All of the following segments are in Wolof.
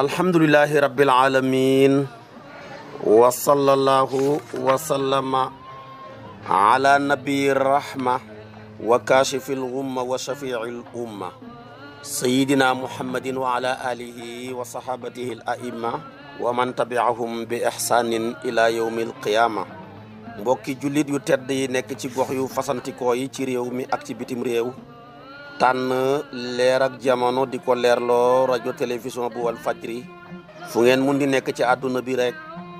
alhamdulillahi rabbil alamin wa sallallahu wa sallama ala nabii rahma wa kaashifi lgumma wa shafii lumma sayidina muhammadin wa ala alihi wa sahabatihi al aima wa man tabiahum bi ihsanin ila yawmi alqiyama mbokki jullit yu tedd yi nekk ci gox yu fasantikoo yi ci réew mi ak ci bitim réew tan leer ak jamono di ko radio radio télévision bu wal fajri fu ngeen mundi nek ci aduna bi rek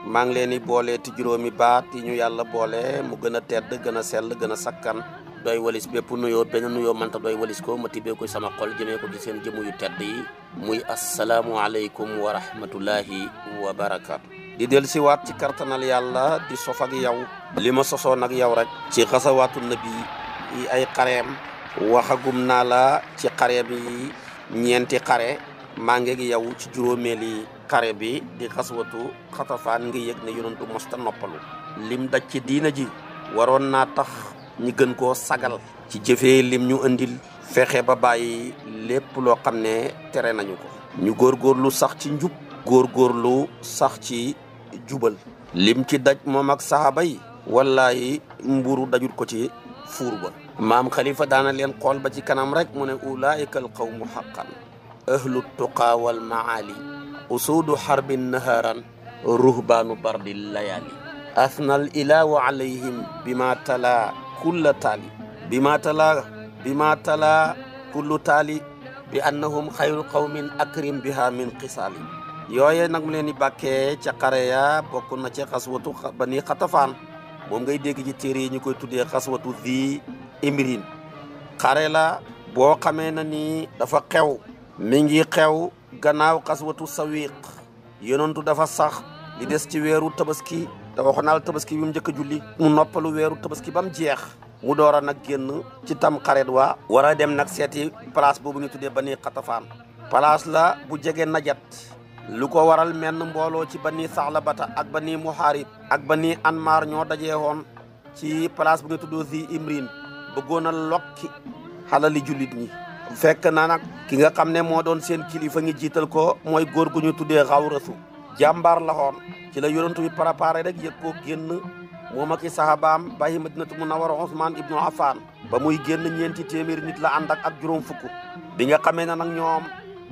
ma ngi leni bolé ti juromi baat ñu yalla bolé mu gëna a tedd gëna sel sell sakkan doy walis nuyo ben nuyo man ta doy walis ko ma tibé ko sama xol jëme ko ci seen jëmu yu tedd yi muy alaykum wa rahmatullahi wa barakatuh di del ci wat ci kartanal yalla di sofa ak yaw lima soso nak yaw rek ci nabi yi ay xareem waxagum naa la ci xare bi ñeenti xare maa ngi ak yow ci juróomeeli xare bi di xaswatu xatafaan ngi yëg ne yonantu mosta noppalu lim daj ci diina ji waroon naa tax ñu gën koo sagal ci jëfe lim ñu indil fexe ba bàyyi lépp loo xam ne tere nañu ko ñu góor góor lu sax ci njub góorgóorlu sax ci jubal lim ci daj moom ak saxaaba yi mburu dajul ko ci fuur ba مام خليفة دانا لين قول بجي كان أمرك من أولئك القوم حقا أهل التقى والمعالي أسود حرب نهارا رهبان برد الليالي أثنى الإله عليهم بما تلا كل تالي بما تلا بما تلا كل تالي بأنهم خير قوم أكرم بها من قصال يوي نغملي ني باكي تي خاريا بوكو بني خطفان موم غاي تيري ني كوي تودي خسوتو ذي imrin xare la boo xamee na ni dafa xew mi ngi xew gannaaw xaswatu sawiq yonantu dafa sax li des ci weeru tabaski te waxoon tabaski bi mu njëkk julli mu noppalu weeru tabaski ba mu jeex mu door a nag génn ci tam xareet waa war a dem nag seeti place boobu ñu tuddee bani xatafaan place la bu jege najat lu ko waral menn mbooloo ci bani saxlabata ak bani muharib ak bani anmar ñoo dajee hon ci place bu ñu tuddoo zi imrin begona lokki xalali julit ñi fekk na nak ki nga xamne ne moo doon seen kilifa ngi jital ko moy igor gu ñu tuddé jambar lahon. la xoon ci la bi préparé rek yëg ko genn moom ak i sahabaam bàyyi madinatu munawwar usman ibnu Affan ba muy genn ñenti témir nit la andak ak juroom juróom fukk bi nga xamé ne nak ñoom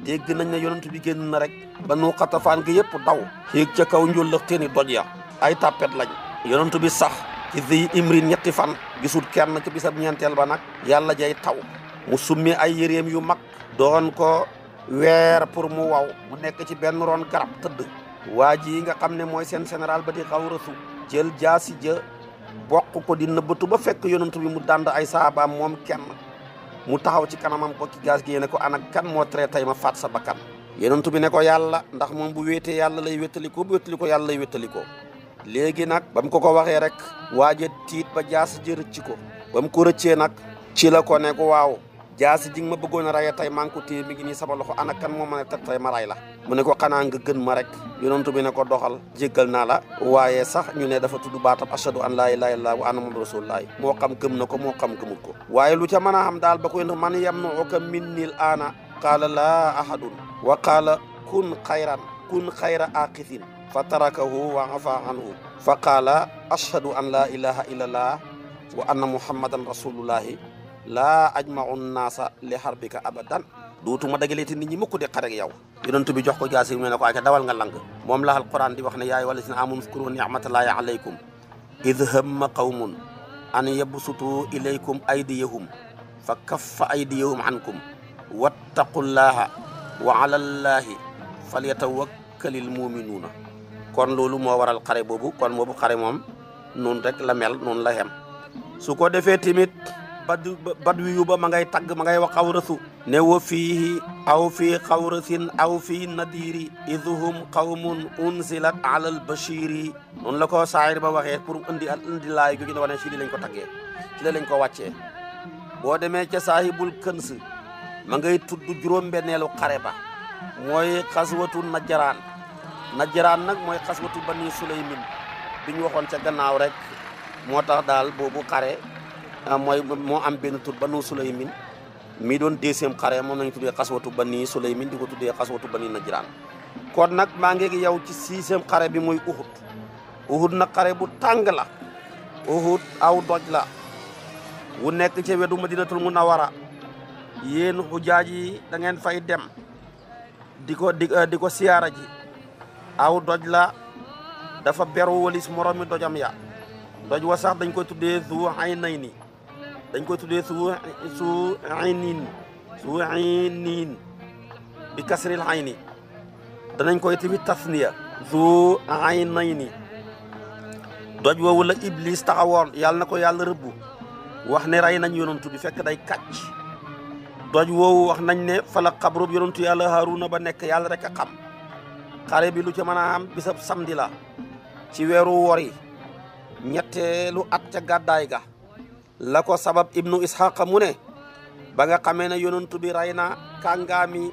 dégg nañ na bi genn na rek ba nu xatafaan gi yëpp daw xiig ca kaw njul lëx doj ya ay tapet lañ bi sax ci zi imrin ñetti fan gisul kenn ci bisab ñentel ba nak yalla jay taw mu summi ay yereem yu mag doon ko weer pour mu waw mu nekk ci benn ron garab tëdd waa nga xam ne mooy seen général ba di xaw jël jaasi ja bokk ko di nëbbatu ba fekk yonent bi mu dànd ay saabaam moom kenn mu taxaw ci kanamam ko ki gaas gi ne ko anak kan moo tere tey ma fat sa bakkan yonent bi ne ko yàlla ndax moom bu wéetee yàlla lay wéttali bu lay léegi nag ba mu ko ko waxee rek waaja tiit ba jaas ji rëcc ko ba mu ko rëccee nag ci la ko ne ko waaw jaasi ji nga ma bëggoon a raya tey maa ngi ko téye mi ngi nii sama loxo ana kan moo mën a teg tey ma ray la mu ne ko xanaa nga gën ma rek yonentu bi ne ko doxal jéggal naa la waaye sax ñu ne dafa tudd baatam ashadu an laa ilaaha illallaah wa anna muhammadan rasulullaah moo xam gëm na ko moo xam gëmul ko waaye lu ca mën a xam daal ba ko yonentu man yamna'uka minnil aana qaala laa ahadun wa qaala kun xayran kun xayra aaqifin فتركه وعفى عنه فقال أشهد أن لا إله إلا الله وأن محمدا رسول الله لا أجمع الناس لحربك أبدا duutuma dagaleeti nit ñi mukk di xarek yow yonent bi jox ko jaasi mu ne ko ak dawal nga lang moom la alquran di wax ne yaay wala sina amunu skuru ni'matallahi alaykum id hamma qawmun an yabsutu ilaykum aydiyahum fa kaffa aydiyahum ankum wattaqullaha wa ala allahi falyatawakkalil muminuuna kon loolu moo waral xare boobu kon moobu xare moom noonu rek la mel noonu la xem su ko defee tamit bad bad wi yu ba ma ngay tagg ma ngay wax xaw rasu ne wa fii aw fii xawrasin aw fii nadiri idhum qawmun unzilat ala albashiri noonu la ko saayir ba waxee pour indi indi laay jooju ne wane si li ko taggee ci la lañ ko wàccee boo demee ca saahibul këns ma ngay tudd juróom-benneelu xare ba mooy xaswatu jaraan najjaraan nak moy xaswatu bani sulaymin biñ waxon ci gannaaw rek motax dal bobu xare ah, moy mo am ben tur banu sulaymin mi don deuxième xare mom lañ tuddé xaswatu bani sulaymin diko tuddé tuddee bani najran kon nak ma ngeeg yow ci sixième xare bi moy uhud uhud nak xare bu tang la uhud aw doj la wu nek ci wetu madinatul munawara yeen hujaji da ngeen fay dem diko ko aw doj la dafa beru walis moromi dojam ya doj wa sax dañ koy tuddee su ay nay ni dañ koy tuddee su su ay niin su ay bi kasril ay danañ koy tamit tasniya zu ay nay ni doj woowu la iblis taxawoon yàlla na ko yàlla rëbbu wax ne ray nañ yonantu bi fekk day kàcc doj woowu wax nañ ne fa la xabrub yonantu yàlla na ba nekk yàlla rek a xam xare bi lu ci mëna am bisab samedi la ci wéru wori lu at ca gaday ga lako sabab ibnu ishaq muné baga ba nga xamé na yonentou bi rayna na kàngaami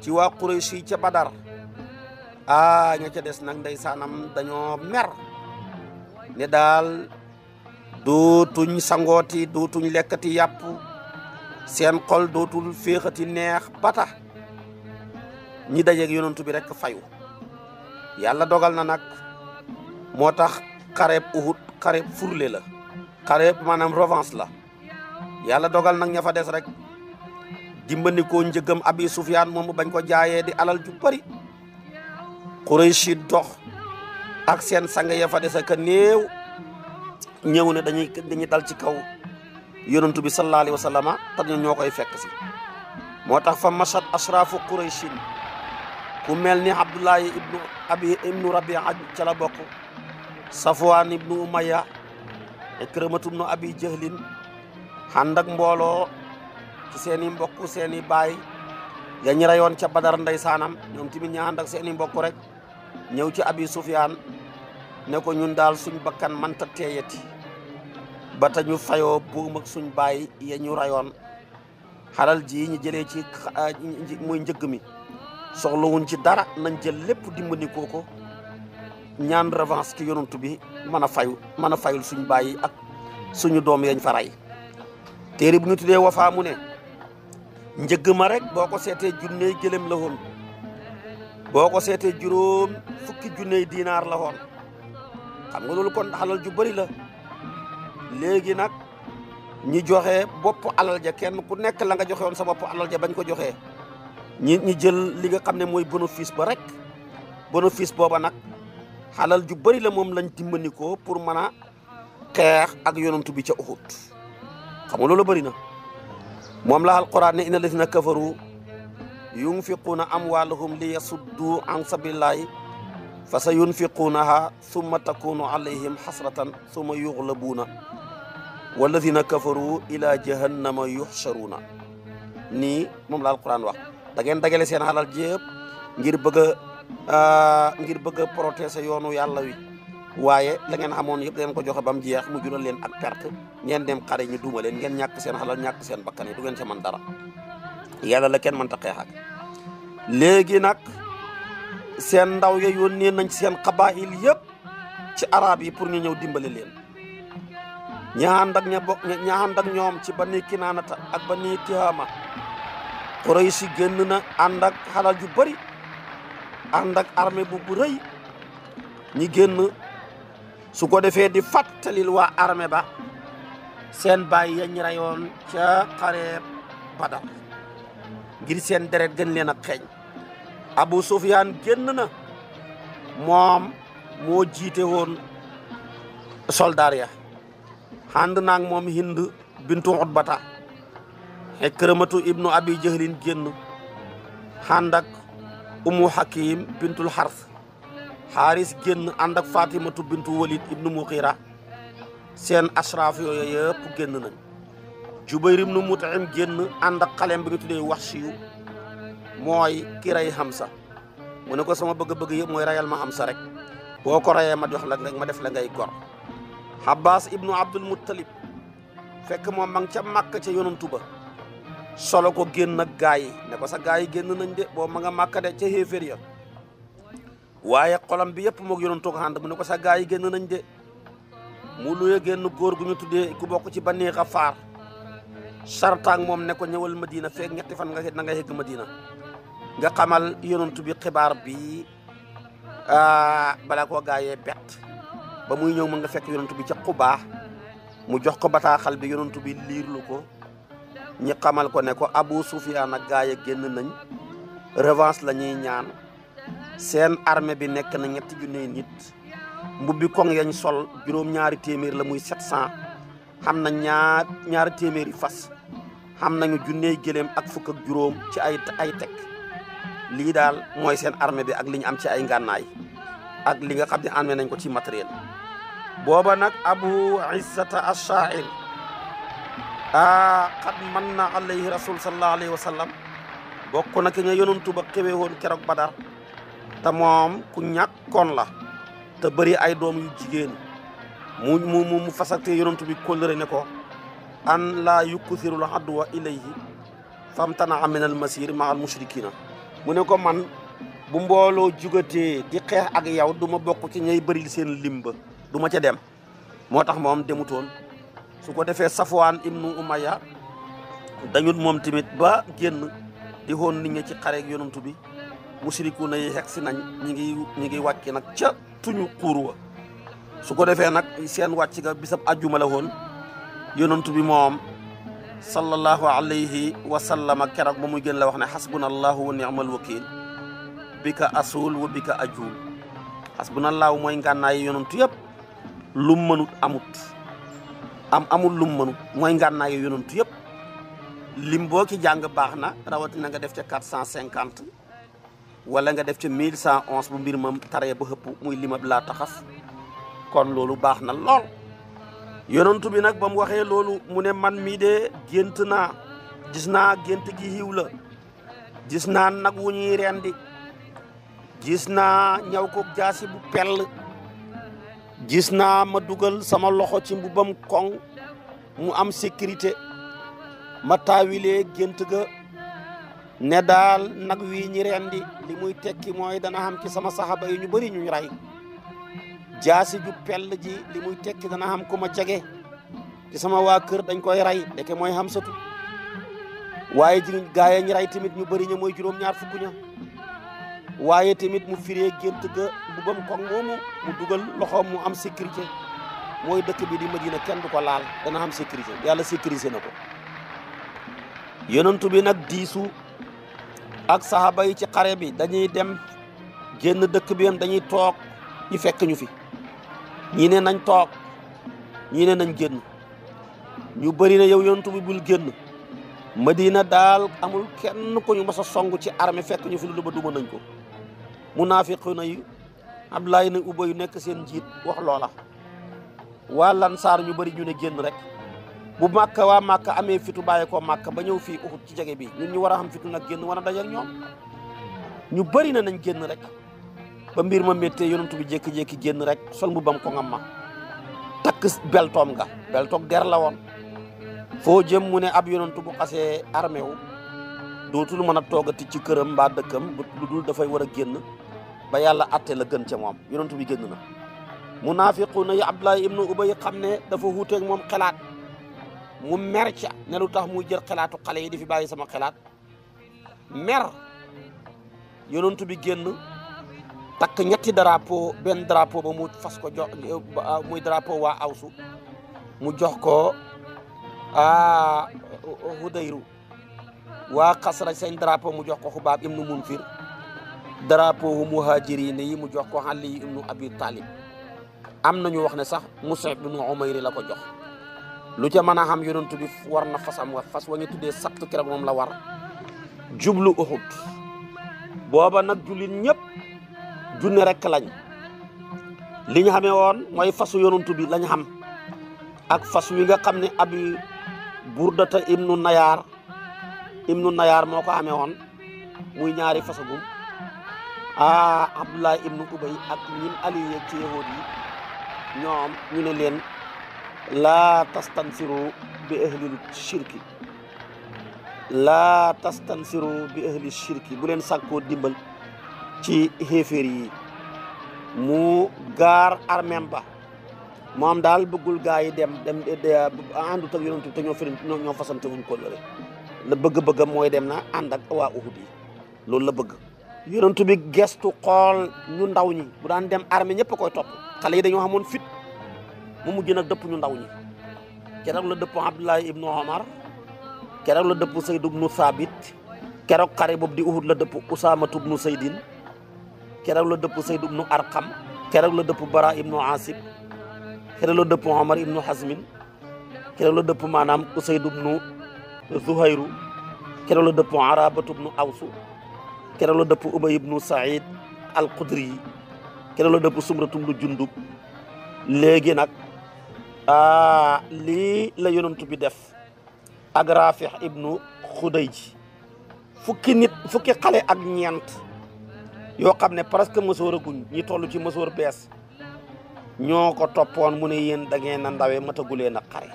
ci wa Quraysh ci Badar A ña ca des nag ndeysaanam daño mer ne daal dootuñ sangooti dootuñ lekati yap seen xol dootul féexati neex bata ñi ak yonentou bi rek fayu yalla dogal na nak motax tax uhud xareeb furle la xareeb manam revanche la yalla dogal nak ñafa dess rek rek ko abi sufyan mom bañ ko jaayé di alal ju bari Quraysh dox ak sen sang ya fa dess ak neew ñew na dañuy dañuy dal ci kaw yonentou bi sallallahu alaihi wasallam tan ñokoy fekk ci motax fa mashat ku mel ni abdullahi ibnu abi ibnu rabia ca la bokk safwaan ibnu umaya ikrimatu ibnu abi jahlin ànd ak mbooloo ci seen i mbokk baay yañu rayoon ca badar ndey saanam ñoom tamit ñu ànd ak seen i rek ñëw ci abi sufyaan ne ko ñun daal suñ bakkan manta teeyati ba ta ñu fayoo buum suñ baay ya ñu reyoon xalal ji ñu jëlee ci ah, muy njëgg mi soxla wuñ ci dara nañ jël lépp dimbali koko ñaan revanche ki yonantu bi mana fayu mën fayul suñ bayyi ak suñu doom yañ fa ray téré bu ñu tuddee wafa mu sete ñeug ma rek boko sété seetee junney gëlem la hon boko sété juroom fukki junney dinar la hon xam nga lolu kon halal ju bari la légui nak ñi joxé bop alal ja kenn ku nekk la nga joxé won sa bop alal ja bañ ko joxé ñi ñi jël li nga xam ne mooy bénéfice ba rek bénéfice booba nag xalal ju bëri la moom lañ dimbandikoo pour mën a xeex ak yonantu bi ca uxut xam nga loolu bëri na moom la alquran ne inna lazina kafaru yunfiquuna amwaalahum li yasuddu an sabilillahi fa sa yunfiquunaha summa takunu alayhim xasratan summa yuxlabuuna walladina kafaru ila jahannama yuxcharuuna nii moom la alquran wax da ngeen dagale seen xalal jépp ngir bëgg a ngir bëgg a protéger yoonu yàlla wi waaye la ngeen yëpp da ngeen ko joxe ba mu jeex mu jural leen ak perte ngeen dem xare ñu duuma ngeen ñàkk seen xalal ñàkk seen bakkan yi du ngeen sa dara yàlla la kenn mënta ta ak léegi nag seen ndaw ya yónnee nañ seen xabaayil yëpp ci arab yi pour ñu ñëw dimbale leen ñaand ak ña bokk ñoom ci ba ni kinaanata ak ba ni Quraysh génn na ànd ak xalal ju bari ànd ak armée bu bu ñi génn su ko defee di fàttalil waa armée ba seen baay yeñ rayoon ca xare Badar ngir seen deret gën leen a xeeñ Abu Sufyaan génn na moom moo jiite woon soldaar ya ànd naag moom Hind bintu Utbata ikramatu e ibnu abi jahlin genn handak ummu hakim bintul xars Haris genn andak fatimatu bintu walid ibnu muqira sen asraaf yooyu yëpp génn nañ jubair ibnu mut'im genn andak ak xalem bi nga tuddee wax siyu mooy ki rey ko sama bëgg-bëgg yëpp moy rayal ma rek boko rayé ma jox la nak ma def la ngay gor habbas ibnu Abdul Muttalib fekk mom mang ca makka ca solo ko genn ak gaay ne ko sa gaay genn nañ de bo ma nga màkka de ca xéeféer ya waye xolam bi mo moog yonantu ko hand mu ne ko sa gaay genn nañ de mu luye ya genn góor gu ñu tuddé ku bokk ci bannee xafaar sartaak mom ne ko ñewal madina fek ñetti fan nga nga yegg madina nga xamal yonantu bi xibar bi bala ko gaayé e bet ba muy ñew mën nga fek yonantu bi ci quba mu jox ko bataaxal bi yonantu bi ko ñi xamal ko ne ko abou soufiane ak gaay genn nañ revanche la ñaan seen armée bi nek na ñetti junne nit mbubbi kong yañ sol juroom ñaari téeméer la muy 700 xamna ñaar ñaar ñaari yi fas xam nañu junneey ak fukk ak juroom ci ay ay tek li dal moy seen armée bi ak liñ am ci ay ngannaay ak li nga xamni amé nañ ko ci matériel booba abu isata shail ah xat man na alayhi rasul sallallahu alayhi wa sallam bokk na ki nga yonantu ba xewee woon keroog badar te moom ku ñàkkoon la te bari ay doom yu jigéen mu mu mu fasakte yonantu ne ko an laa yukkthirul adwa ilayhi famtanaa min al masir ma al mushrikina mu ne ko man bu mbooloo jugatee di xeex ak yow du ma bokk ci bari bëril seen limba du ma ca dem moo tax moom demutoon su ko defee Safwaan ibnu Umayya dañut moom tamit ba génn di xoon nit ñi ci xareeg yonantu bi musrikuuna yi xeex si nañ ñi ngi ñi ngi wàcc nag ca tuñu xuur wa su ko defee nag seen wàcc ga bisab ajjuma la woon yonantu bi moom sallallahu alayhi wa sallama keroog moom muy gën la wax ne xasbunallahu wa ni'mal wakiil bi ka asul wa bi ka ajuul xasbunallahu mooy ngànnaayi yonantu yëpp lu mënut amut am amul lum mënu mooy ngànnaayu yonantu yëpp lim boo ci jàng baax na rawatina nga def ca quatre cent cinquante wala nga def ca mille cent onze bu mbir ma taree ba xëpp muy limab laa taxaf kon loolu baax na lool yonantu bi nag ba waxee loolu mu ne man mii de gént naa gis naa gént gi xiw la gis naa nag wu ñuy rendi gis naa ñaw ko jaasi bu pell gis naa ma dugal sama loxo ci mbubam koŋ mu am sécurité ma taawilee gént ga ne daal nag wii ñi rendi li muy tekki mooy dana am ci sama saxaba yi ñu bari ñu rey jaasi ju pell ji li muy tekki dana am ku ma jege ci sama waa kër dañ koy rey ndeke mooy xam satu waaye ji gaay yi ñu rey tamit ñu bëri ña mooy juróom-ñaar fukk waaye tamit mu firee gént ga mbubam koŋ mu dugal loxoom mu am sécurité mooy dëkk bi di Madina kenn du ko laal dana am sécurité yàlla sécurisé na ko yonentu bi nag diisu ak sahaba yi ci xare bi dañuy dem génn dëkk bi yam dañuy toog ñu fekk ñu fi ñii ne nañ toog ñii ne nañ génn ñu bëri na yow yonentu bi bul génn Madina daal amul kenn ko ñu mas a song ci armée fekk ñu fi lu ba duma nañ ko munaafiquna yi Abdullah na uba yu nekk seen njiit wax loola waa lansaar ñu bari ñu ne génn rek bu màkka waa màkka amee fitu bàyyi koo màkka ba ñëw fii Uhud ci jege bi ñun ñu war a xam fitu nag génn war a dajeek ñoom ñu bëri na nañ génn rek ba mbir ma méttee yonent bi jékki-jékki génn rek sol mu bam ko ngam ma takk beltoom nga beltoog der la woon foo jëm mu ne ab yonent bu xasee armé dootul mën a toogati ci këram mbaa dëkkam lu dul dafay war a génn ba yàlla atte la gën ci mom yonentu bi génn na munaafiquuna yi Abdullahi ibnu Ubay xam dafa dafa ak mom xalaat mu mer ci ne lu tax mu jël xalaatu xale yi di fi bàyyi sama xalaat mer yonentu bi gën tak ñetti drapo ben drapo ba mu fas ko jox muy drapo wa awsu mu jox ko a Hudayru wa qasra sen drapo mu jox ko xubab ibn Munfir drapeau muhajirin yi mu jox ko Ali ibnu Abi Talib amna ñu wax ne sax Mus'ab ibn Umayr la ko jox lu ca mën xam tu bi war na fasam wa fas wa ñu tuddee sattu mom la war jublu Uhud boba nak julin ñep junne rek lañ li ñu xamee won moy fasu yonent bi lañ xam ak fas wi nga abi burdata ibnu nayar ibnu nayar moko ko amee muy ñaari fasagum ah Abdullah ibnu Ubay ak ñim allié ci yahuud ñoom ñu ne leen laa tastansiru bi ahlil shirki laa tastansiru bi ahlil shirki bu leen sàkkoo dimbal ci xéeféer yi mu gaar armem ba moom daal bëggul gaa yi dem dem àndut ak yonent bi te ñoo firin ñoo fasante wuñ ko la bëgg-bëgg mooy dem na ànd ak waa Uhud yi loolu la bëgg yonentu bi gestu xool ñu ndaw ñi bu daan dem armée ñëpp a koy topp xale yi dañoo moon fit mu mujj nag dëpp ñu ndaw ñi keroog la dëpp Abdullah ibnu Omar keroog la dëpp Zayd ibnu Thabit keroog xare boobu di Uhud la dëpp Usaama ibnu Zaydin keroog la dëpp Zayd ibnu Arqam keroog la dëpp Bara ibnu Asib keroog la dëpp Omar ibnu Hazmin keroog la dëpp maanaam Usayd ibnu Zuhayru keroog la dëpp Arabatu ibnu Awsu kera lo dëpp ubay ibnu Sa'id al qudri kera lo dëpp sumratum lu jundub léegi nak ah li la yonentou bi def ak rafih ibnu Khudayj fukki nit fukki xalé ak ñent yo xam ne presque mësoor guñ ñi tollu ci mësoor bes ñoko topone mune yeen da ngeen na ndawé mata gulé xaré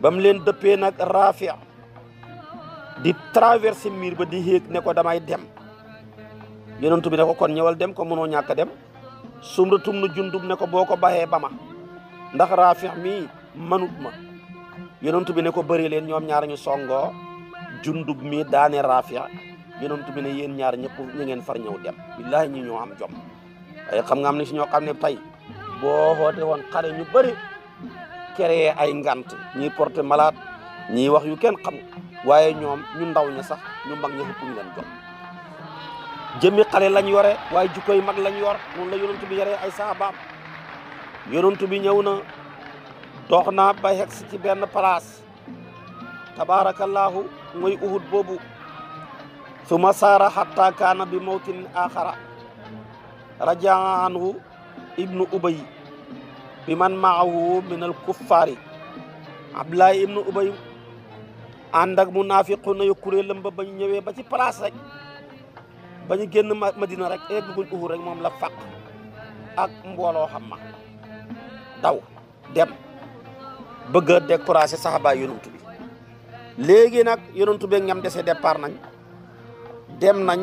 bam leen deppé nak rafih di traverser mur ba di yéeg ne ko damay dem yonentou bi ne ko kon ñewal dem ko mëno ñaka dem sumratum nu jundub ne ko boko ko bama ndax raafix mi manut ma yonentou bi ne ko bëri leen ñom ñaar ñu songo jundub mi daane rafia, yonentou bi ne yeen ñaar ñepp ñi ngeen far ñew dem billahi ñi ñoo am jom ay xam nga am ni ci ñoo xam ne tey boo xoote xare ñu bëri créer ay ngant ñi porter malade ñiy wax yu kenn xam waaye ñoom ñu ndaw ña sax ñu mag ña ëpp ñu jox jëmmi xale lañ yore waaye jikko mag lañ yor noonu la yonent bi yoree ay saabaam yonent bi ñëw na dox naa ba yegg si ci benn place tabaarakallaahu mooy boobu su ma saara xatta kaana bi mawtin axara rajaa anhu ibnu ubay bi man maahu min al kuffaari abdulaay ibnu ubay andak ak munaafiquna yu kuréelam ba ba ñu ba ci place rek ba genn madina rek egguñ uhur rek mom la faq ak mbolo xam daw dem bëgg a décourager saxabaay yonantu bi légui nak yonantu bi ñam déssé départ nañ dem nañ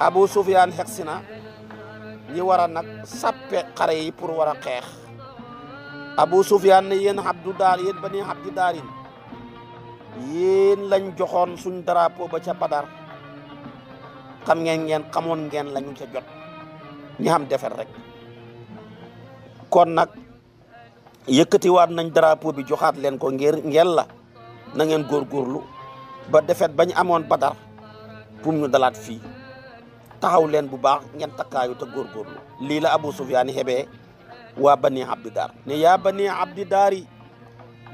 Abu Sufyan xegsi ñi wara nak sappé sappe yi pour wara xex Abu Sufyan yeen abdou dar yeen bani abdou darin yeen lañ joxoon suñ drapeau ba ca Badar xam ngeen ngeen xamoon ngeen lañu ca jot ñi xam defer rek kon yëkëti waat nañ drapeau bi joxaat leen ko ngir ngeen la na ngeen gorlu ba defet bañ amoon Badar pour ñu dalaat fi taxaw leen bu baax ngeen takkaayu te gorlu lii la Abu soufiane hebe, wa bani abdi ne ya bani abdi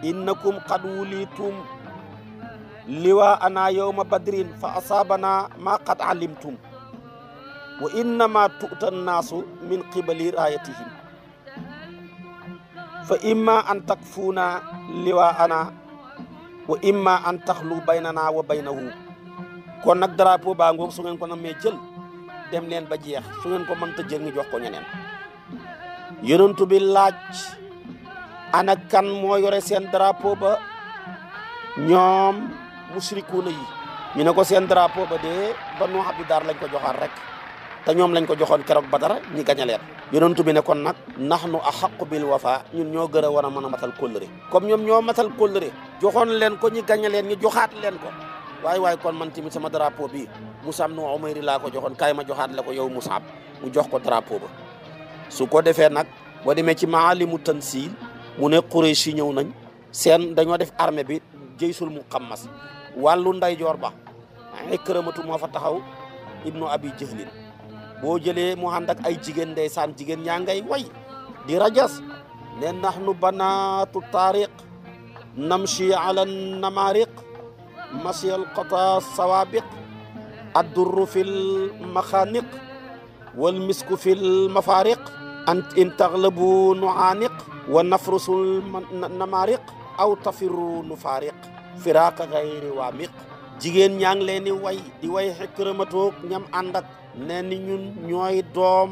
innakum qad wulitum liwa ana yawma badrin fa asabana ma qad alimtum wa innama tu'ta annaasu min qibali raayatihim fa imma an takfuuna liwa ana wa imma an taxlu baynana wa baynahu kon nag drapeau baa ngoog su ngeen ko namee jël dem leen ba jeex su ngeen ko mënta jël ñu jox ko ñeneen yonentu bi laaj ana kan moo yore seen drapeau ba ñoom musrikuuna yi ñu ne ko seen drapeau ba dee Banu Abdidaar lañ ko joxaat rek te ñoom lañ ko joxoon ba dara ñi gañe leen yonentu bi ne kon nag nahnu ahaqu bil wafa ñun ñoo gën a war a mën a matal kóllëre comme ñoom ñoo matal kóllëre joxoon leen ko ñi gañe leen ñu joxaat leen ko waaye waaye kon man tamit sama drapeau bi Musab nu Umayr laa ko joxoon kaay ma joxaat la ko yow Musab mu jox ko drapeau ba su ko defee nag boo demee ci maalimu tansil mu ne Quraysh yi ñëw nañ seen dañoo def armée bi jëysul mu xammas walu nday ndeyjoor ba kërëmatu mo fa taxaw ibnu abi jahlin bo jëlé mu hand ak ay jigen ndey san jigen ñaa ngay way di rajas ne nahnu banatu tariq namshi ala namariq al qata sawabiq addurru fi lmaxaaniq walmisku fi lmafariq an in taxlabu nuaaniq wa nafrusu namariq aw tafirru nufaariq firaaqa gayri waamiq jigéen ñaa ngi leen di way di way xëkkëramatoog ñam ànd ak ni ñun ñooy doom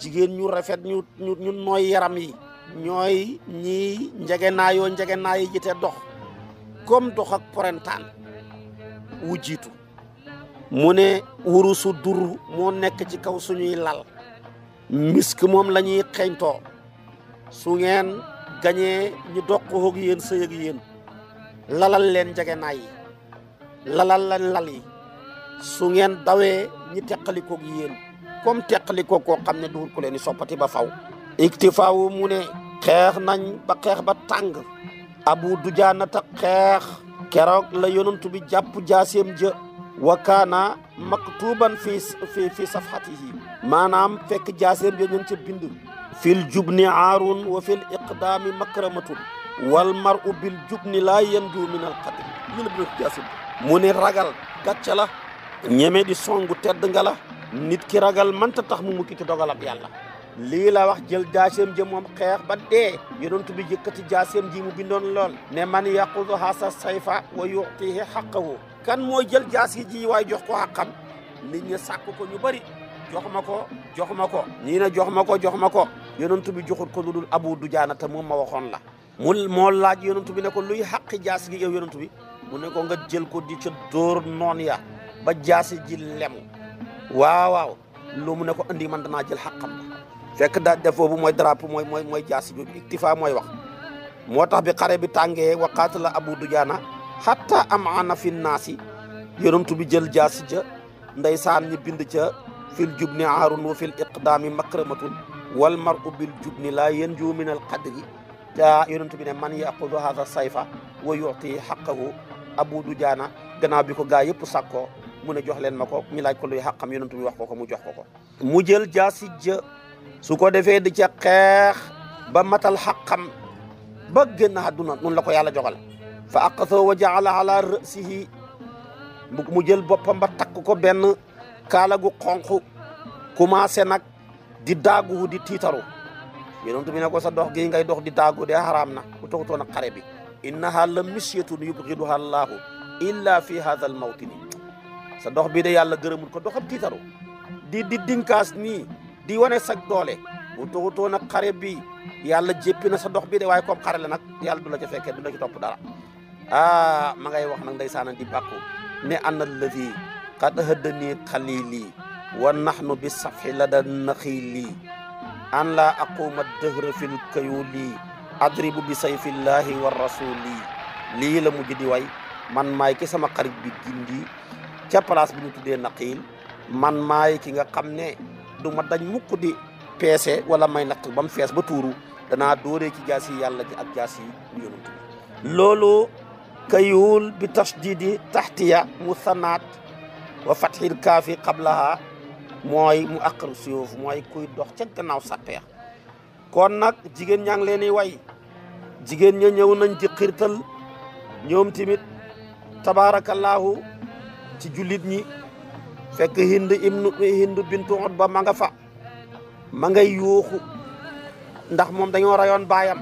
jigéen ñu rafet ñu ñun nooy yaram yi ñooy ñi njegenaayoo njegenaay yi jite dox kom doxak ak porentaan wu jiitu mu ne dur moo nekk ci kaw suñuy lal misk moom lañuy ñuy xeñtoo su ngeen gañee ñu doq hoog yéen sëyëg yéen lalal leen njegenaay yi lalal leen lal yi su ngeen dawee ñi teqalikoog yéen comme teqalikoo koo xam ne duur ku leen di soppati ba faw iktifaawu mu ne xeex nañ ba xeex ba tàng abu dujaanata xeex keroog la yonantu bi jàpp jaaseem jë wa kaana maktuban fi fi fi safhatihi maanaam fekk jaaseem jë ñun ca bind fil jubni aarun wa fil iqdaami makramatun wal mar ubbil jubni laa yendu min al xatim lii mu ne ragal gàcce la ñeme di songu tedd nga la nit ki ragal mënta tax mu mu mukki ci dogalab yàlla lii la wax jël jaaseem ji moom xeex ba dee yonent bi yëkkati jaaseem ji mu bindoon lool ne man yaqudu hasa sayfa wa yuxtihi xaqahu kan mooy jël jaasi ji waaye jox ko xaqam nit ñi sàkk ko ñu bari jox ma ko jox ma ko ñii ne jox ma ko jox ma ko yenoon bi joxut ko lu dul abu dujaana te moom ma waxoon la mul moo laaj yonentou bi ne ko luy haq jaas gi yow yonentou bi mu ne ko nga jël ko di ci dor non ya ba jaasi ji lem waaw waaw lu mu ne ko andi man dana jël haqam fek da def bobu moy drap moy moy moy jaasi bi iktifa moy wax motax bi xare bi tangé wa qatala abu dujana hatta am'ana fi naasi yonentou bi jël jaasi ja ndaysan ñi bind ca fil jubni arun wa fil iqdami makramatun wal mar'u bil jubni laa yanju min al qadri yonent bi ne man yaqudu hada sayfa wa yuti xaqahu abu dujaana gannaaw bi ko gaa yëpp sàkkoo mu ne jox leen ma ko ñu laaj ko luy xaqam yonent wax ko ko mu jox ko ko mu jël jaasi ja su ko defee di ca ba matal xaqam ba génn àdduna nun la ko yàlla jogal fa aqasoo wa jaala ala rasihi mu jël boppam ba takk ko benn kaala gu xonq commencé nag di daaguhu di tiitaru yonent bi ne ko sa dox gi ngay dox di daagu de haram na bu taxutoon na xare bi innaha la misyatun yubghiduha allah illa fi hadha al mawtin sa dox bi de yàlla geureumul ko doxam tiitaru di di dinkas ni di wane sag doole bu taxutoon na xare bi yàlla jéppi na sa dox bi de way ko xare la nak yàlla dula ci fekke dula ci top dara ah ma ngay wax nag ndeysaan di bàkku ne ana alladi qad hadani khalili wa nahnu bi safhi ladan naxili an laa aquuma dëhra fil kayuli adribu bi sayfillahi wa rasuli lii la mujj di way man maay ki sama xarit bi gindi ca place bi ñu tuddee naqiil man maay ki nga xam ne du ma dañ mukk peese wala may natt ba fees ba tuuru danaa dóoree ki jaas yi yàlla ji ak jaas yi yonent bi loolu kayuul bi tashdidi tahtiya musanaat wa fathil kaafi qablaha Muai mu aqal suuf moy kuy dox ya. ci gannaaw sàppeex kon nak jigen ñang leni way jigen ñu ñew nañ ci xirtal ñom timit tabarakallah ci julit ñi fek hind ibnu hind bintu Utba ma nga fa ma ngay yuxu ndax mom dañu rayon bayam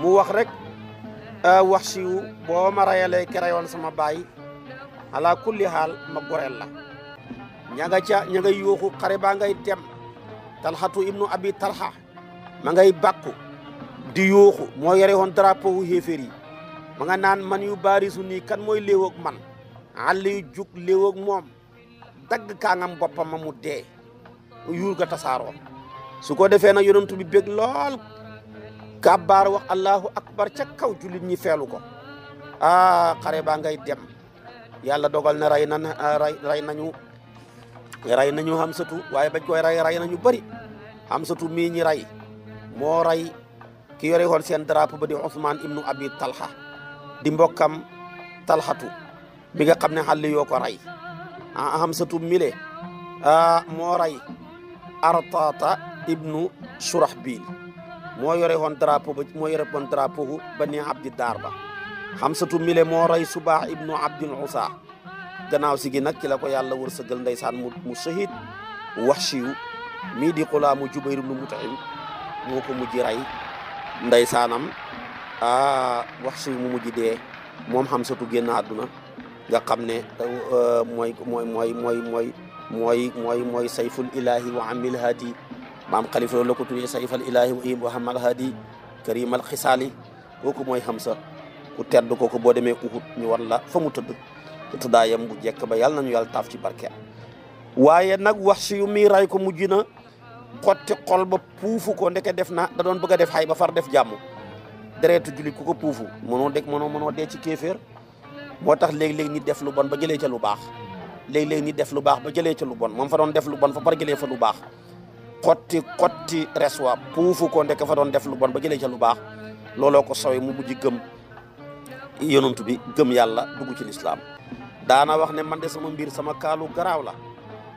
mu wax rek wax siwu ma rayale ki rayon sama bayi, ala kulli hal ma gorel la ñaga ca ñaga ngay xare ba ngay tem talhatu ibnu abi talha ma ngay bakku di yooxu mo yore hon drapeau heferi ma nga nan man yu barisu ni kan mooy lewok man ali juk lewok mom dag ka ngam bopam ma mu de yuur ga tasaro su ko defé na yonentou bi lol kabar wax allahu akbar ca kaw julit ñi felu ko ah xare ba ngay dem yalla dogal na ray na ah, ray nañu rey nañu Hamsatu waaye bañ koy rey rey nañu bëri Hamsatu mii ñi rey moo ray ki yore woon seen drapeau ba di Ousmane ibnu Abi Talha di mbokkam Talhatu mi nga xam ne xàll yoo ko rey ah Hamsatu mile ah moo rey Artata ibnu Surahbil moo yore woon drapeau ba moo yore woon drapeau ba ni Abdi Daar ba Hamsatu mile moo ray Subaa ibnu Abdil Usa gannaaw si gi nag ci la ko yàlla wërsëgal ndeysaan mu mu shahid Wahshiyu mii di xulaamu Jubayr ibnu Mut'im moo ko mujj rey ndeysaanam a ah, Wahshiyu mu mujj dee moom Hamsatu génn àdduna nga xam ne euh, mooy mooy mooy mooy mooy mooy mooy mooy sayful ilahi wa amil haadi maam xalifa loolu la ko tuddee sayfal ilahi wa im wa amal haadi karimal xisaali kooku mooy Hamsa ku tedd kooku boo demee Uhud ñu war la fa mu tëdd tëddaayam bu jekk ba yàlla nañu yàlla taaf ci barkeem waaye nag wax si yu muy ray ko mujj na xotti xol ba puufu ko ndeke def na da doon bëgg a def xay ba far def jàmm deretu julit ko ko puufu mënoo dégg mënoo mënoo dee ci kéeféer moo tax léeg-léeg nit def lu bon ba jëlee ca lu baax léeg-léeg nit def lu baax ba jëlee ca lu bon moom fa doon def lu bon fa par fa lu baax xotti xotti reswa puufu ko ndeke fa doon def lu bon ba jëlee ca lu baax looloo ko sowe mu mujj gëm yonent bi gëm yàlla dugg ci lislaam daana wax ne man de sama mbir sama kaalu garaaw la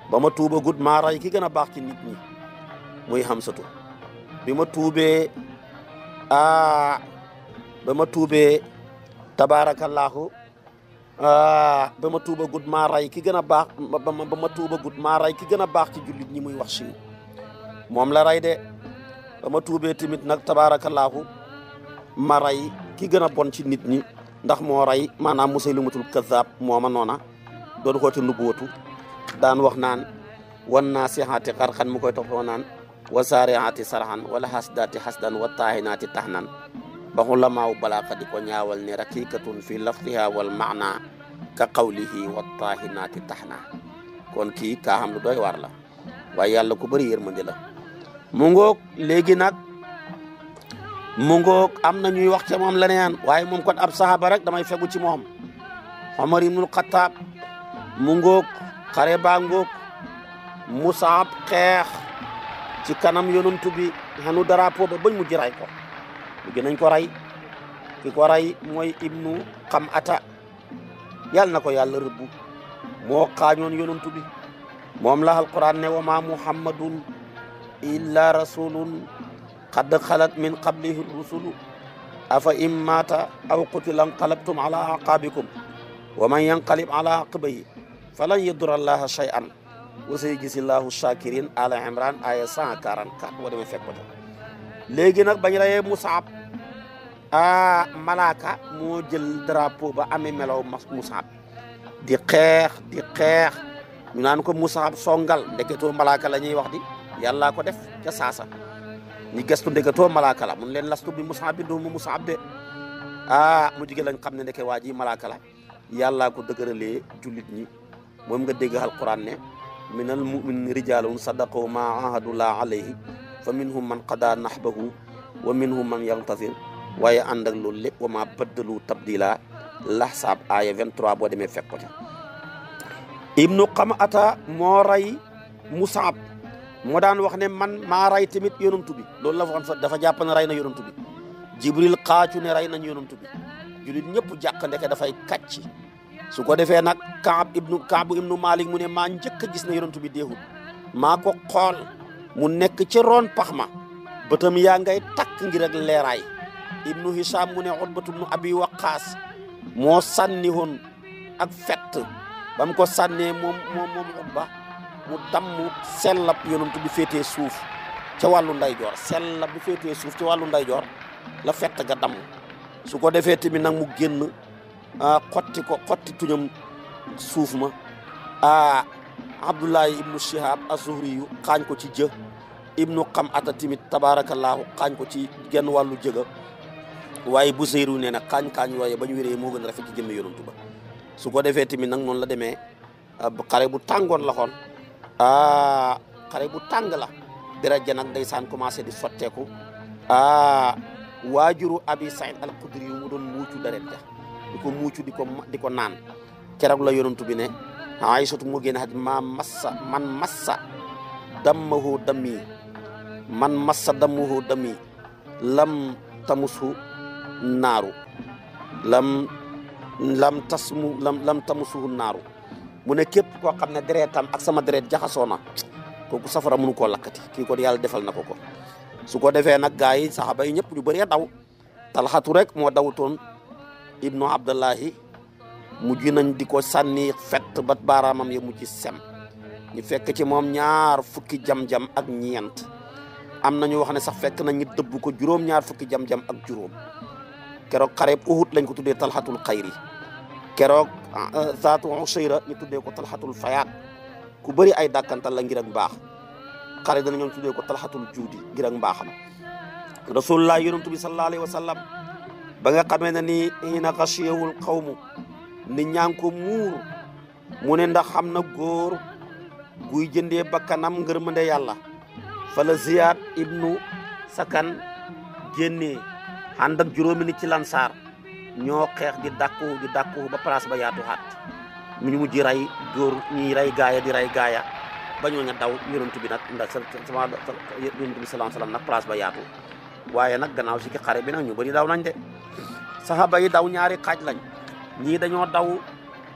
ba ma tuuba gud maa ray ki gën a baax ci nit ñi muy xamsatu bi ma tuubee a ba ma tuubee tabaarakallaahu ba ma tuuba gud maa ki gën a baax ma tuuba gud maa ray ki gën a baax ci jullit ñi muy wax si moom la ray de ba ma tuubee tamit nag tabaarakallaahu ma ray ki gën a bon ci nit ñi ndax mo ray manam musaylimatul kazaab mooma noona doon xoti nubuwatu dan wax nan wan nasihati qarqan mu koy toxo nan wa sarhan sarxan wala hasdati hasdan wa taahinaati tahnan ba xulamaaw balaaxa di ko nyaawal ni raqiqatun fi lafdhiha wal ma'na ka qawlihi wa taahinaati tahna kon ki ka xam lu doy war la waaye yàlla ku bëri yërmandi la mu ngok legi nak mu ngoog am na ñuy wax ca moom leneen waaye moom kon ab sahaba rek damay fegu ci moom Omar ibnul mu ngoog xare baa ngoog Musaab xeex ci kanam yonantu bi xanu drapeau ba bañ mujj ray ko mujj nañ ko ray ki ko ray mooy ibnu xam ata yal na ko yàlla rëbbu moo xaañoon yonantu bi moom la alquran ne wa muhammadun illa rasulun قد خلت من قبله الرسل أفإن مات أو قتل انقلبتم على أعقابكم ومن ينقلب على عقبيه فلن يضر الله شيئا وسيجزي الله الشاكرين على عمران آية 144 ودم فيك بدر لجي نك بني راي مصعب ا آه، ملاكا مو درابو با امي ملو مصعب دي خيخ دي خيخ نانكو مصعب سونغال ديكتو ملاكا لا نيي واخ دي كساسا ñi gastu ndégatoo malaaka la mun leen lastu bi musaab bi doomu musaab de ah mu jigéen lañ xam ne ndeke waa ji malaaka la yàllaa ko dëgëralee jullit ñi moom nga dégg alquran ne minal mu'minin rijaalun sadaqu ma ahadullah alayhi fa minhum man qada nahbahu wa minhum man yantazir waaye ànd ak loolu lépp wa ma baddalu tabdila laxsaab aaya 23 boo demee fekk ko ca ibnu qamata moo rey musaab moo daan wax ne man maa ray tamit yonantu bi loolu la waxoon dafa jàpp ne ray na yonantu bi jibril xaacu ne ray nañ yonantu bi julit ñëpp jàq ndeke dafay kàcc su ko defee nag kaab ibnu kaabu ibnu malik mu ne maa njëkk a gis ne yonantu bi deexul maa ko xool mu nekk ci roon pax ma bëtam yaa ngay takk ngir ak leeraay ibnu hisham mu ne utbatu ibnu abi waqaas moo sànni woon ak fett ba mu ko sànnee moom moom moom mu damm sellab yonent bi féetee suuf ca wàllu ndeyjoor sellab bu féetee suuf ca wàllu ndeyjoor la fett ga damm su ko defee tamit nag mu génn a xotti ko xotti tuñam suuf ma ah Abdullahi ibnu Shihab az-Zuhri yu xaañ ko ci jë ibnu xam ata tamit tabaarakallaahu xaañ ko ci genn wàllu jëga waaye bu seyru nee na xaañ waaye yooye ba ñu wéree moo gën a rafet ci jëmme yonantu ba su ko defee tamit nag noonu la demee xare bu tàngoon la xoon ah xare bu tàng la dara ja nag ndeysaan commencé di sotteeku ah waajuru abi saïd al mu doon muucu deret ja di ko muucu di ko naan keroog la yonantu bi ne aysatu mu génn massa man massa dammahu dammi man massa dammahu dammi lam tamusu naaru lam lam tasmu lam lam tamusuhu naaru mu ne képp koo xam ne deretam ak sama deret jaxasoo na kooku safara mënu koo lakkati kii ko yàlla defal na ko ko su ko defee nag gars yi saxaaba yi ñëpp ñu bëree daw talxatu rek moo dawutoon ibnu abdallahi mujj nañ di ko sànni fett ba baaraamam ya mujj sem ñu fekk ci moom ñaar fukki jam-jam ak ñeent am na ñu wax ne sax fekk nañ ñu dëbb ko juróom ñaar fukki jam-jam ak juróom keroog xareeb uhud lañ ko tuddee talxatul xayri keroog Eh, zaatu usayra ñu tuddé ko talhatul fayaat ku bari ay dakantal la ngir ak bax xare dana ñoom tuddé ko talhatul juudi ngir ak mbaaxam rasulullah Yunus bi sallallahu alayhi wasallam sallam ba nga xamé na ni xiina qashiyul qawm ni ñaa ngi ko faleziat mu ne ndax xamna goor guy bakkanam ya fa la ziyad ibnu sakan genné handam juru ni ci lansar ñoo xeex di dàkku di dàkku ba place ba yaatu xaat mu ñu mujj rey góor ñi rey gaaya di rey gaaya ba ñoo ña daw yonent bi nag ndax sama yonent bi salaam salaam nag ba yaatu waaye na gannaaw si ki xare bi nag ñu bëri daw nañ de saxaaba yi daw ñaari xaaj lañ ñii dañoo daw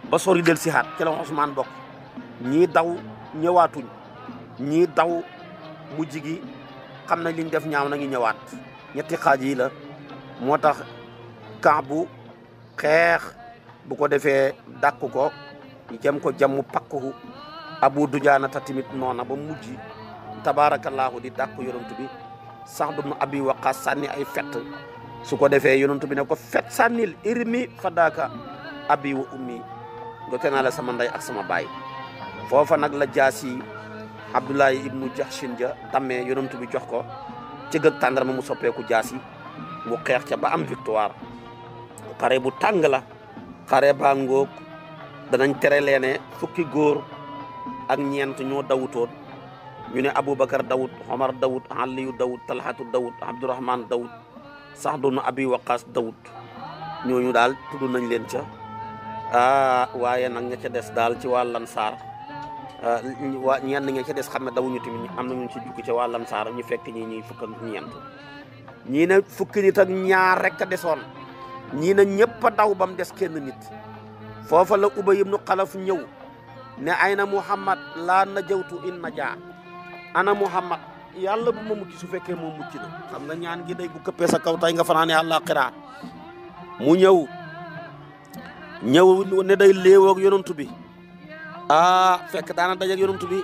ba sori del si xaat ci la bokk ñii daw ñëwaatuñ ñii daw mujj gi xam nañ liñ def ñaaw na ngi ñëwaat ñetti xaaj yi la moo tax kaabu xeex bu ko defee dàq ko jëm ko jàmm pakku abu dujaana ta timit noona ba mujj tabaarakallaahu di dàq yonent bi sax du abi waqaas sànni ay fett su ko defee yonent bi ne ko fet sànnil irmi fadaaka abi wa ummi dote naa la sama ndey ak sama baay foofa nag la jaasi abdullahi ibnu jahshin ja tame yonent bi jox ko cëgg ak tàndarma mu soppeeku jaasi mu xeex ca ba am victoire pare bu tang la xare ngok danañ téré léné fukki góor ak ñent ñoo dawuto ñu abou bakkar dawud omar dawud Ali dawud Talha dawud abdourahman dawud saxdunu abi waqas dawud ñu dal tuddu nañ leen ca ah waye nak nga ca des dal ci wal lansar ah, waa nga ca des xam dawu ñu timi am ñu ci jukki ci wal lansar ñu fekk ñi ñi fukk ñent ñi na fukk nit ak ñaar rek ñii na ñëpp a daw ba mu des kenn nit foofa la ubay ibnu xalaf ñëw ne ayna muhammad laa najawtu in najaa ana muhammad yàlla bu ma mucc su fekkee moom mucc na xam nga ñaan gi day bu këppee sa kaw tay nga fanaan yàlla xiraa mu ñëw ñëw ne day léewoog yonantu bi ah fekk daana dajak yonantu bi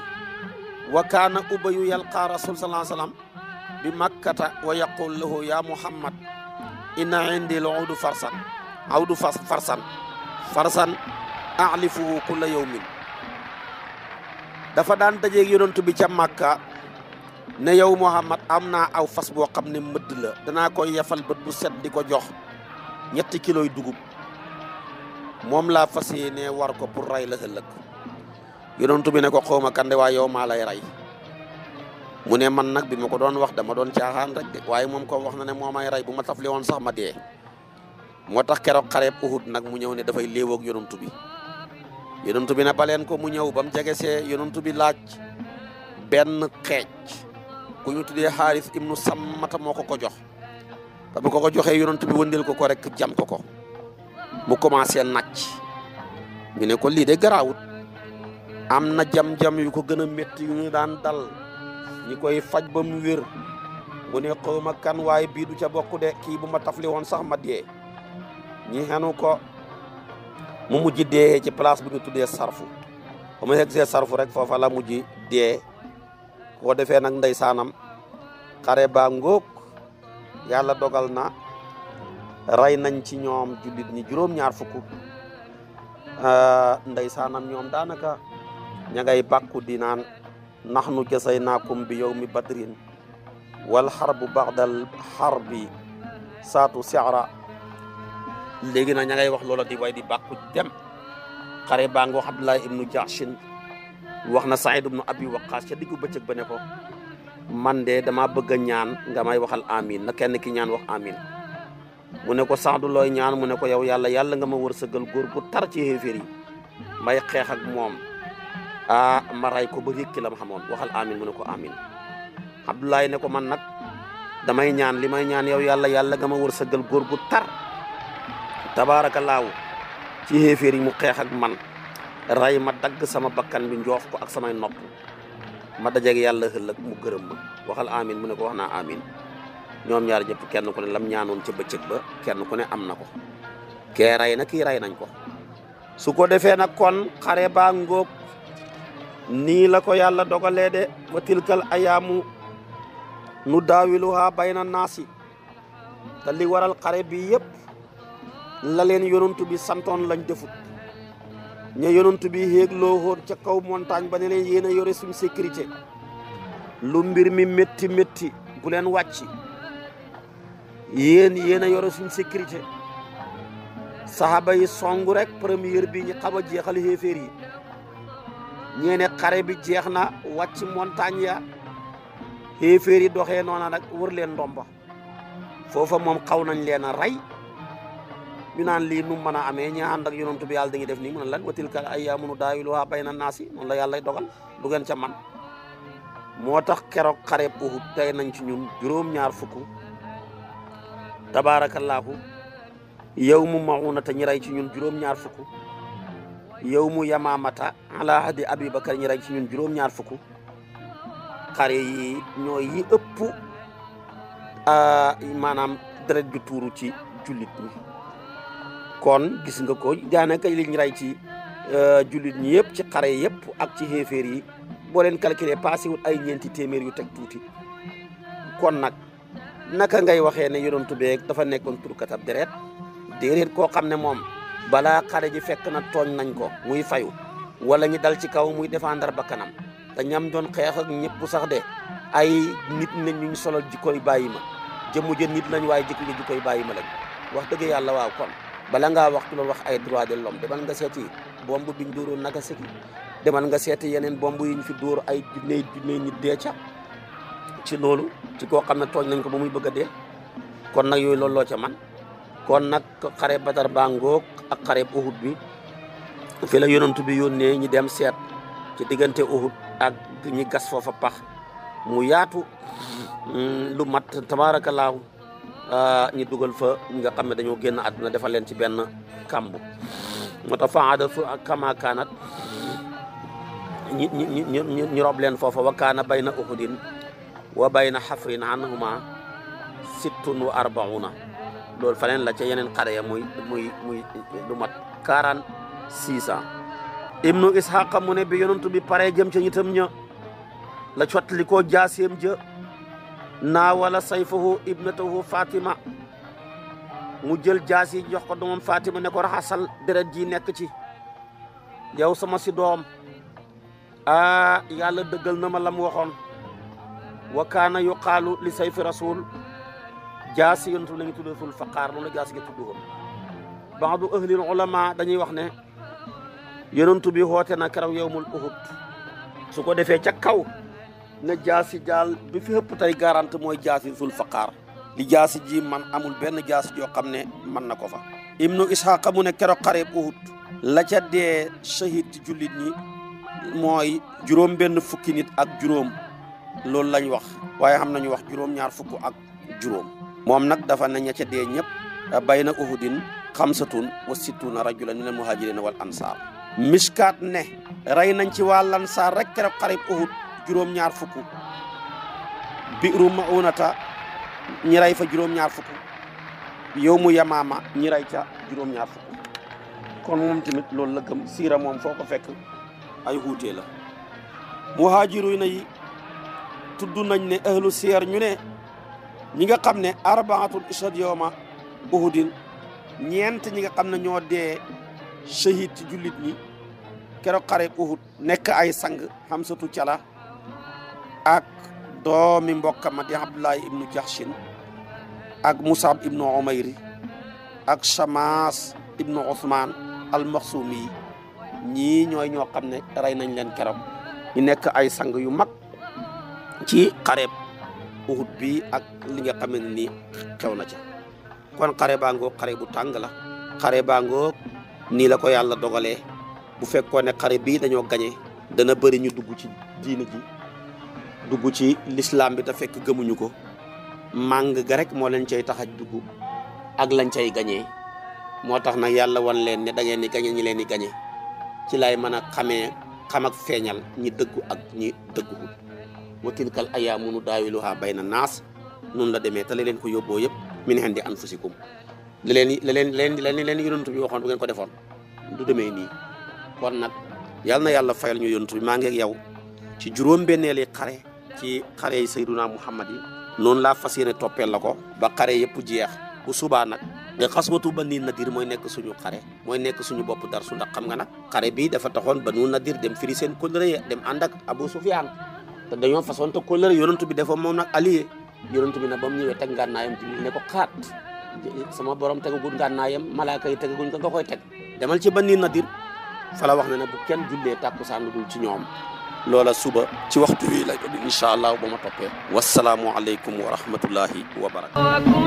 wa kaana ubayu yalqa rasul sallallahu bi makkata wa yaqul lahu ya muhammad inna indi la awdu farsan awdu fas farsan farsan alifuhu kulla yawmin dafa daan dajeeg yonent bi ca màkka ne yow Muhammad am naa aw fas boo xam ne mëdd la danaa koy yafal bët bu set di ko jox ñetti kiloy dugub moom laa fas yéene war ko pour rey la ëllëg yonent bi ne ko xawma kande waa yow maa lay rey mu ne man nag bi ma ko doon wax dama doon caaxaan rek waaye moom ko wax na ne moo may rey bu ma tafli woon sax ma dee moo tax keroog uhud nag mu ñëw ne dafay léewoog yonantu bi yonantu bi na baleen ko mu ñëw ba mu jege see yonantu bi laaj benn xeec ku ñu tuddee xaaris ibnu sammata moo ko ko jox ba bu ko ko joxee yonantu bi wëndeel ko ko rek jam ko ko mu commencé nacc ñu ne ko lii de garaawut am na jam-jam yu ko gën a métti yu ñu daan dal ñi koy faj ba mu wér mu ne xawma kan waaye bii du ca bokk de kii bu ma tafli woon sax ma dee ñi xenu ko mu mujj dee ci place bu ñu tuddee sarfu bu ma sarfu rek foofa la mujj dee ko defee nag sanam, xare baa ngóog yàlla dogal na rey nañ ci ñoom jullit ñi juróom-ñaar fukk ndeysaanam ñoom daanaka ña ngay bàkku di naan naxnu jasaynaakum bi yow yowmi badrin wal xarbu baxdal xarbi saatu sihra léegi nag ña ngay wax loola di way di bàkku dem xare baa ngi wax Abdullah ibnu Jahshin wax na Saïd ibnu Abi Waqaas ca diggu bëccëg ba ne ko man de dama bëgg a ñaan nga may waxal amin na kenn ki ñaan wax amin mu ne ko saadu looy ñaan mu ne ko yow yàlla yàlla nga ma wërsëgal góor gu tar ci xéeféer may xeex moom ah ma ray ko ba yëkki la ma xamoon waxal amin mu ne ko amin Abdoulaye ne ko man nag damay ñaan li may ñaan yow yàlla yàlla gama ma sëggal góor gu tar law ci xéeféer yi mu xeex ak man ray ma dagg sama bakkan bi njoof ko ak samay nopp ma jeg yàlla ëllëg mu gërëm ma waxal amin mu ne ko wax naa amin ñoom ñaar ñëpp kenn ku ne lam ñaanoon ca bëccëg ba kenn ku ne am na ko kee ray na kii ray nañ ko su ko defee nag kon xare baa ngóog nii la ko yàlla dogalee de wa tilkal ayaamu nu daawiluha bayna naasi te li waral xare bi yëpp la leen yonantu bi santoon lañ defut ña yonantu bi yéegloo woon ca kaw montagne ba ne leen yéen a yore suñ sécurité lu mbir mi métti métti bu leen wàcc yéen yéen a yore suñ sécurité saxaaba yi song rek première bi ñu xaba jeexal xéeféer yi ñee ne xare bi jeex na wàcc montagne ya xéeféer yi doxee noona nag wër leen ndomba foofa moom xaw nañ leen a rey ñu naan lii nu mën a amee ñi ànd ak yonent bi yàlla dañuy def nii mu ne lan wa tilka ayyaamu nudaawiluhaa bayna naasi noonu la yàlla dogal du gën ca man moo tax keroog xare Uhud tey nañ ci ñun juróom-ñaar fukk tabaarakallaahu yow mu mauna te ñi rey ci ñun juróom-ñaar fukk yow mu yamaamata ala hadi abi bakar ñi rek ci ñun juróom-ñaar fukk xare yi ñooy yi ëpp maanaam deret gi tuuru ci jullit ñi kon gis nga ko daanaka liñ rey ci e, jullit ñi yëpp ci xare yëpp ak ci xéeféer yi boo leen calculer passé wut ay ñeenti téeméer yu teg tuuti kon nag naka ngay waxee ne yonent beeg dafa nekkoon turkatab deret déeréet koo xam ne moom balaa xare ji fekk na tooñ nañ ko muy fayu wala ñi dal ci kaw muy défendre bakkanam te ñam joon xeex ak ñëpp sax de ay nit nañ ñu solal jikkoy bàyyi ma jëmu jën nit nañ waaye jikko jikkoy bàyyi ma lañ wax dëgg yàlla waaw kon bala ngaa wax ci loolu wax ay droit de l'homme demal nga seeti bomb biñ dóoroon Nagasaki demal nga seeti yeneen bomb yi ñu fi dóor ay junney junney nit dee ca ci loolu ci ko xam ne tooñ nañ ko ba muy bëgg a dee kon nag yooyu loolu loo ca man kon nag xare Badar bangoog ak xare Uhud bi fi la yonent bi yónnee ñi dem seet ci diggante Uhud ak ñi gas foofa pax mu yaatu mm, lu mat tabaarakallaahu ah, ñi dugal fa ñi nga xam ne dañoo génn àdduna defal leen ci benn kamb moo tax faada fu kama kaanat ñi ñi ñi rob leen foofa wa kaana bayna uhudin wa bayna xafrin anhuma sittun wa arbauna loolu faneen la ca yeneen xare ya muy muy muy lu mat quarante six ans ibnu ishaqa mu ne bi yonantu bi pare jëm ca ñitam ña la cotli koo jaaseem ja naawala sayfahu ibnatahu fatima mu jël jaas yi jox ko doomam fatima ne ko raxasal deret ji nekk ci yow sama si doom a yàlla dëggal na ma lam waxoon wa kaana yuqaalu li sayfi rasul جاس ينتو لغي تودو فول فقار لو جاس كي تودو بعض اهل العلماء داني واخ نه يونتو بي هوتنا كرو يوم الاحد سوكو ديفه تا كاو نا جاسي جال بي في هپ تاي غارانت موي جاسي فول فقار لي جاسي جي مان امول بن جاس جو خامني مان نكو فا ابن اسحاق من كرو قريب اوت لا تا دي شهيد جوليت ني موي جوروم بن فوكي نيت اك جوروم لول لاني واخ واي خامنا ني واخ جوروم ñaar فوكو اك جوروم moom nag dafa na ña ca dee ñëpp bay na uhudin xamsatun wa situna rajulan min al muhajirina wal ansar miskat ne rey nañ ci waa lansaar rek keroog xarib uhud juróom-ñaar fukk biru maunata ñi rey fa juróom-ñaar fukk yow mu yamaama ñi rey ca juróom-ñaar fukk kon moom tamit lool la gëm siira moom foo ko fekk ay wuute la muhaajiru na nañ ne ahlu siyar ñu ne ñi nga xam ne arbaatul ishad yowma uhudin ñeent ñi nga xam ne ñoo dee shahid ci jullit ñi keroog xare uhud nekk ay sang xamsatu cala ak doomi mbokkam ma di abdullahi ibnu jahshin ak musab ibnu umayri ak shamaas ibnu usman al maxsumi ñii ñooy ñoo xam ne rey nañ leen keroog ñu nekk ay sang yu mag ci xareeb uhud bi ak li nga xam ni xew na ca kon xare baa ngoog xare bu tang la xare baa ngoog kare la ko yalla dogale bu fekkone xare bi gagné dana bëri ñu dugg ci diina ji dugg ci l'islam bi ta fekk gëmuñu ko mang ga rek mo leen cey taxaj dugg ak lañ cey gagné moo tax nag yàlla wan leen ne da ngeen ni gagné ñi leen ni gagné ci lay mëna xamé xam ak feñal ñi degg ak ñi wa tilkal ayaamu nu daawiluha bayna naas noonu la demee te la leen ko yóbboo yëpp min indi anfusikum la leen la leen leen la leen yonent bi waxoon bu ngeen ko defoon du demee nii kon nag yal na yàlla fayal ñu yonent bi maa ngi ak yow ci juróom-benneeli xare ci xare yi sayduna muhammad yi noonu laa fas yéene toppeel la ko ba xare yëpp jeex bu subaa nag nga xaswatu bani nadir mooy nekk suñu xare mooy nekk suñu bopp dar su ndax xam nga nag xare bii dafa taxoon banu nadir dem firi seen kóllëre dem ànd ak abou soufiane te dañoo façon te kóllëre yonent bi dafa moom na allié yonent bi nag ba mu ñëwee teg ngànnaayam ci ne ko xaat sama borom tegagul ngànnaayam malaaka yi tegaguñ ko nga koy teg demal ci Bani Nadir fa la wax ne nag bu kenn jullee tàkkusaan dul ci ñoom loola suba ci waxtu wi lay doon incha allah ba ma toppee wasalaamu aleykum wa rahmatullahi wa barakatu